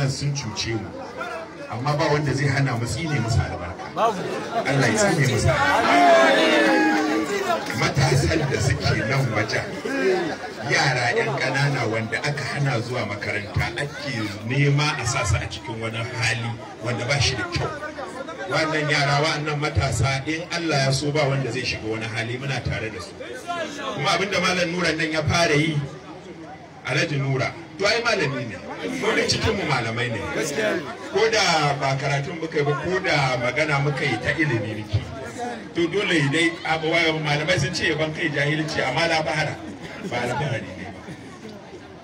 waɗannan sun cuce mu amma ba wanda zai hana mu tsine musu albarka Allah ya tsine musu matasan da suke nan wajen yara 'yan ƙanana wanda aka hana zuwa makaranta ake nema a sasa a cikin wani hali wanda ba shi da kyau wannan yara wa'annan matasa in Allah ya so ba wanda zai shiga wani hali muna tare da su kuma abinda malam nura nan ya fara yi alhaji nura to ai malami ne wani cikin mu malamai ne ko da ba karatun muka yi ba ko da magana muka yi ta ilimi muke to dole dai abubuwa malamai sun ce ban kai jahilci amma labara ba bahari ne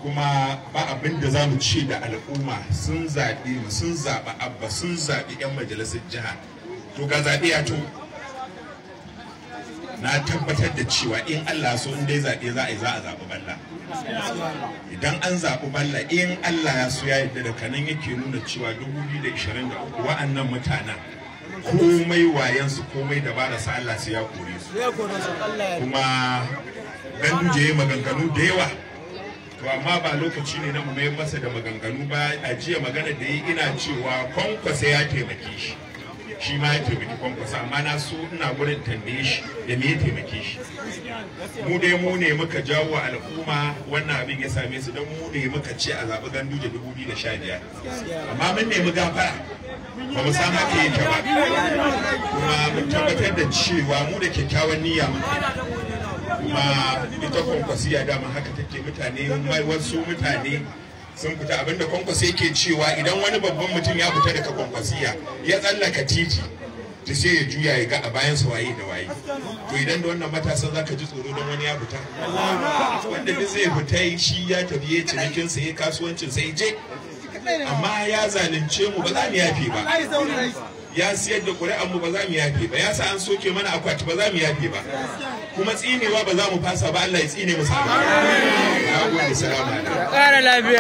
kuma ba abin da za mu ci da al'umma sun zaɓi sun zaɓi abba sun zaɓi 'yan majalisar jiha to ga zaɓi ya to na tabbatar da cewa in Allah so in dai zaɓe za a yi za a zaɓi balla idan an zaɓi balla in Allah ya so ya yadda da kanan yake nuna cewa 2023 wa'annan mutanen komai wayansu komai da ba sa Allah su ya kore su kuma ganduje maganganu da yawa to amma ba lokaci ne na mu mai masa da maganganu ba a jiya magana da yi ina cewa kwankwasa ya taimake shi shi ma ya taimaki kwankwasa amma na so ina gurin tambaye shi da me ya taimake shi mu dai mu ne muka jawo wa al'umma wannan abin ya same su don mu ne muka ce a zaɓi gandu da dubu biyu da sha amma mun nemi gafara ba mu sama ake yi kuma mun tabbatar da cewa mu da kyakkyawan niyya muka kuma ita kwankwasiya dama haka take mutane wasu mutane sun fita abinda kwankwasa yake cewa idan wani babban mutum ya fita daga kwankwasiya ya tsallaka titi da sai ya juya ya ga a bayan sa waye da waye to idan da wannan matasan ka ji tsoro don wani ya fita wanda duk zai fita shi ya tafi ya cinikin sa ya kasuwancin sai je amma ya zalunce mu ba za mu yafe ba ya siyar da ƙuri'an mu ba za mu yafe ba ya sa an soke mana akwati ba za mu yafe ba kuma tsinewa ba za mu fasa ba Allah ya tsine mu sa. Amin. Na gode salamu